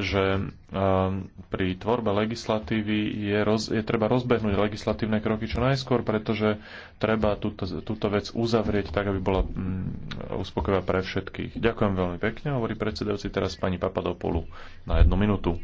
že um, pri tvorbe legislatívy je, roz, je treba rozbehnúť legislatívne kroky čo najskôr, pretože treba túto, túto vec uzavrieť tak, aby bola mm, uspokojivá pre všetkých. Ďakujem veľmi pekne, hovorí predsedajúci teraz pani Papadopolu na jednu minútu.